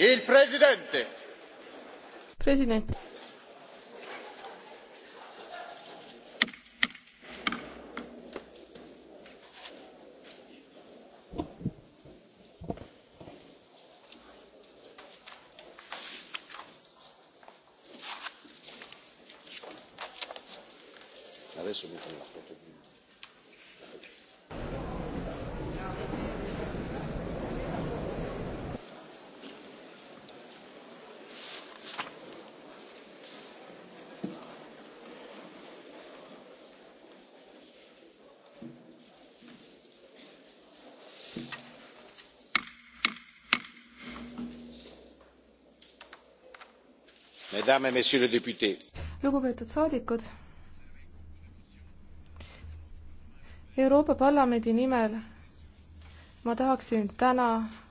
Il presidente. President. Adesso mi fa la foto. lugupeetud saadikud euroopa parlamendi nimel ma tahaksin täna